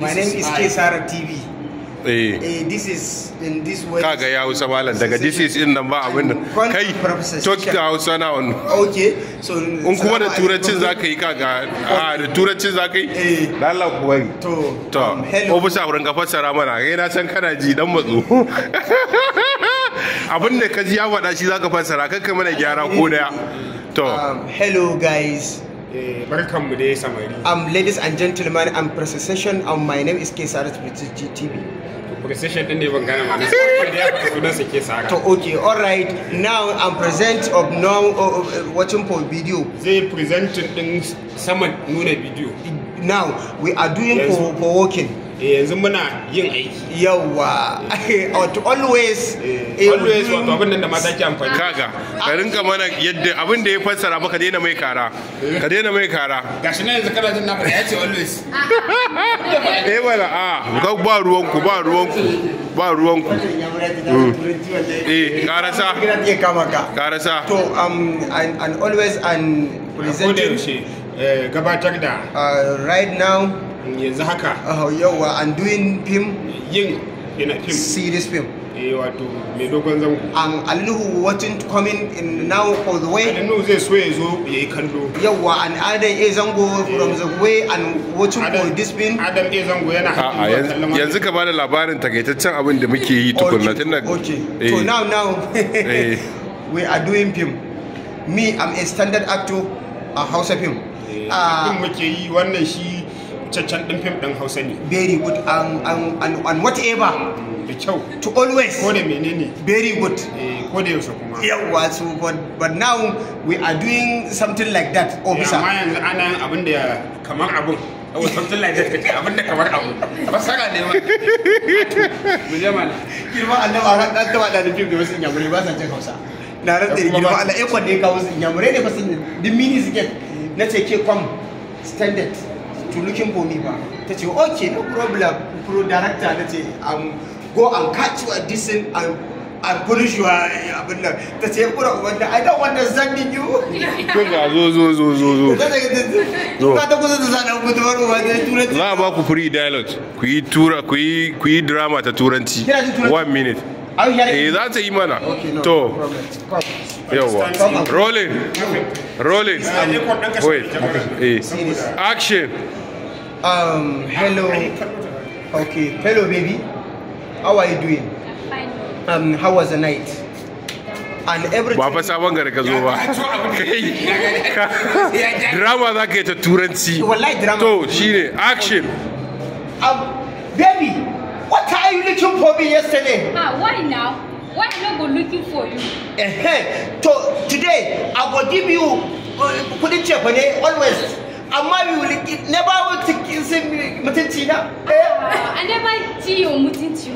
My name is Kesara TV. Eh. Hey. Eh, this is in this way. Kaga ya Hausa malam daga this is in nan ba abin Kai talk da Hausa na on. Okay. So in kuma da turancin zaka yi kaga a ah, da turancin zaka yi. Eh. Allah ku bari. To. To. sa um, wurin ka sara mana. Kai eh, na san kana ji dan matso. abin da ka ji ya faɗa shi zaka fassara kanka mana gyara ko daya. To. Um, hello guys. Eh, barkanmu dai samari um, ladies and gentlemen i'm procession and my name is kesarat british gtv procession din ne ban gane ma nasa da ya fara sunan sa kesara to okay all right now i'm present of now uh, watching for video zai present din saman nuna video now we are doing yes. for, for walking Eh, yanzu muna yin aiki yawa wato oh, always eh, eh, always mm. wato abin da mata ke amfani kaga ka rinka mana yadda abin da ya fassara maka daina mai kara ka daina mai kara gashi na yanzu kana jin na fara yace always eh wala a ah, ga ba ruwan ku ba ruwan ku ba ruwan ku mm. eh karasa karasa to um and always and presenting Eh, gabatar da uh, right now yanzu haka uh, yawa i'm doing film yin yana film series film eh, wato mai dogon zango an um, alluhu watin coming in now for the way and zai this way zo ya yi kallo yawa an adam e zango from the way and watching for this bin adam e zango yana hakan yanzu ka bada labarin takaitaccen abin da muke yi tukunna tun da okay eh. so now now we are doing film me i'm a standard actor a hausa film din ah. muke yi wannan shi cancan din fim Hausa ne very good an an an whatever da kyau to always ko da menene very good eh, ko da yaushe kuma yawa so but now we are doing something like that officer amma yanzu ana abin da kamar abun Oh, something like that. Abin da kamar abu. Ba saka ne ma. Mu je mana. Girma Allah ran dan tawada da fim da wasu inyamurai ba sa cin Hausa. Na rantsa girma Allah eh kwanne ka wasu inyamurai ne ba sun dimini suke. na ce ke kwam standard to looking for me ba ta ce ok no problem pro director na ce um, go and catch you at this and and punish you uh, abin nan ta ce kura wanda i don't want to send you kun ga zo zo zo zo zo zo ta kusa da zana ku tuwar wanda turanci za ba ku free dialogue ku yi tura ku yi ku yi drama ta turanci 1 minute eh za ta yi mana no. yawa rolling rolling um, wait Okay. Yeah. action um hello okay hello baby how are you doing um how was the night And everything. Baba sabon gari ka zo ba kai drama za ka yi ta turanci to shine action um, Why are you looking for me yesterday? Ah, why now? Why am I go looking for you? Uh -huh. So today I will give you uh, put it check on it always. Amma you will never want to kiss me mutinci na. Eh? Ah, I never see you mutinci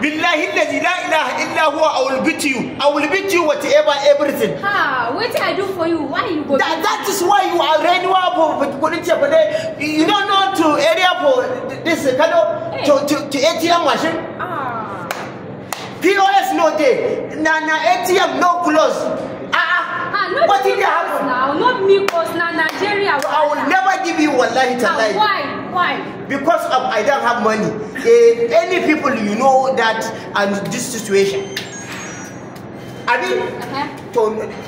billahi lazi la ilaha illa huwa I will beat you I will beat you whatever everything ha what I do for you why you go that, that is why you are ready for police but they, you don't know to area for this uh, kind of eh. to, to, to ATM machine ah. POS no day na na ATM no close ah, ah, ah no what did happen now not me cause na Nigeria I will never give you wallahi ah, tallahi why Why? Because of, I don't have money. uh, any people you know that and this situation. I mean, uh-huh. to,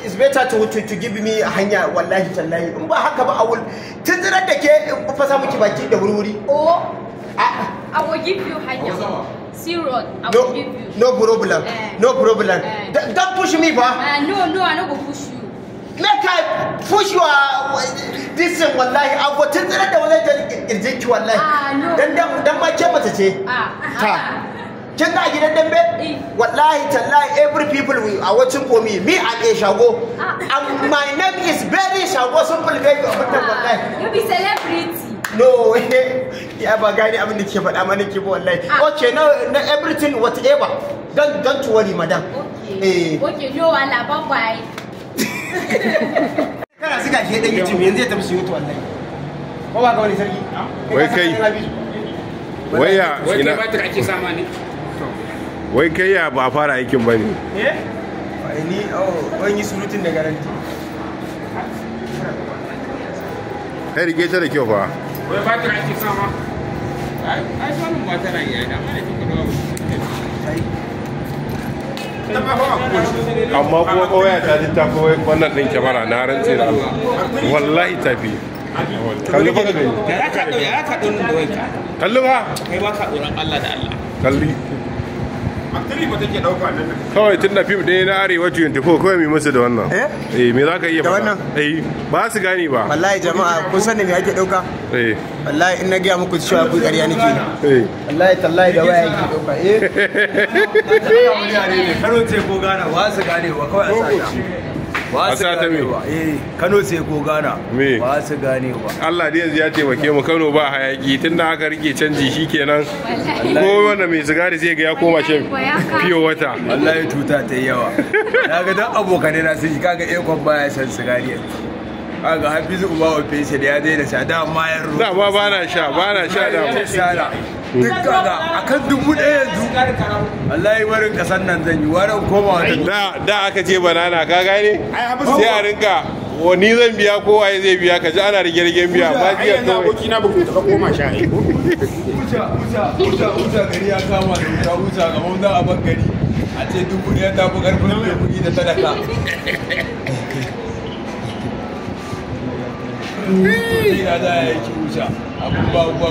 it's better to, to, to give me hanya wallahi tallahi. In ba haka ba a wul tunzirar da ke fasa miki baki da Oh, ah. I will give you hanya. Zero, I will no, give you. No problem, uh, no problem. Uh, don't push me ba. Uh, no, no, I don't go push you. push disin wallahi a ko tun da wallahi kirjin ki wallahi dan dan ma ke mata ce ta kin ga gidan be wallahi tallahi every people we a wacin komi me a I'm shago ah. and my name is very shago simple guy ko mutan ah, wallahi you be celebrity no ya ba gani abin da ke faɗa mana ke wallahi ah. okay now na everything whatever don don't worry madam okay eh okay no ala bye bye ga shi YouTube yanzu ya tafi wallahi ko ba ga wani sarki wai kai wai ya wai kai ya ba fara aikin eh ni oh yi da garanti kai rike ta da kyau fa wai ba ta ake sama ai sanin ba tana yi ai da mai da kuma amma kuma kawai ta ta ta kawai wannan din kyamara na rantse da Allah wallahi tafi kalli ba ka ka ka kalli ba ba ka kalli kawai tun da fim ɗaya na arewa 24 kawai mai musu da wannan eh? eh me za ka iya ba eh ba su gane ba wallahi jama'a kun sani me ake ɗauka eh wallahi in na gaya muku cewa ku ƙarya nake eh wallahi tallahi da waya yake ɗauka eh karo ce ko gana ba su gane wa kawai a sata ba su gane ba eh, Kano sai ko Ghana ba su gane ba Allah dai yanzu ya taimake mu Kano ba hayaki tunda aka rike canji kenan. ko wanda mai sigari zai ga ya koma shan fiye wata wallahi tuta ta yawa ga dan abokanai na sun ga ekon baya san sigari yanzu kaga hafizu uba wa fesa da ya daina sha da ma ya ruwa da ma na sha bana sha da ma duk a kan dubu ɗaya yanzu yi warin kasan nan zan yi warin koma wata da da aka ce banana ka gane sai a rinka ni zan biya ko waye zai biya ka ji ana rige rigen biya ba ji ya kawai aboki na buku taɓa koma sha ai huta huta huta gari ya kama da huta huta ga wanda a ban gari a ce dubu ɗaya ta fi ƙarfin mai kuɗi da sadaka Ina da ya yake wuta, abin ba ba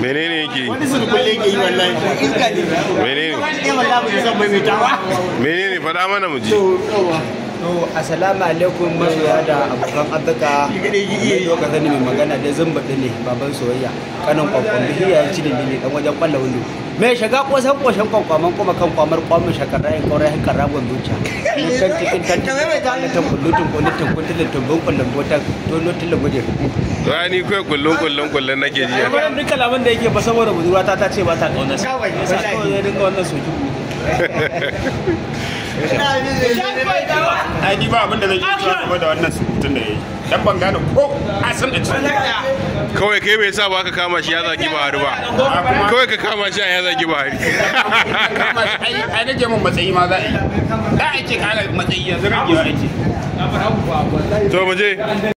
menene yake menene eh, menene faɗa mana mu ji to assalamu alaikum masoya da abokan abuka mai doka sani mai magana da baɗi ne baban soyayya kanan kwakwan bihiya ya ci da bini ɗan wajen mai shiga ƙoshen kwakwaman kuma kan kwamar kwamin shakarra ya kwarar hankar ragon zuciya mutan cikin kullutun kullutun kullutun tumbin botan tono gudun to ya ni kullun kullun kullun da yake ba saboda budurwa ta ce ba ta sa ya wannan soki ai ni ba abin da zan yi cewa game da wannan surutun da yayi dan ban gane ko a san da cikin kawai kai bai sa ba ka kama shi ya zagi Buhari ba kawai ka kama shi ya zagi Buhari ai nake mun matsayi ma za a yi da ake kala matsayi yanzu rage ake to mu je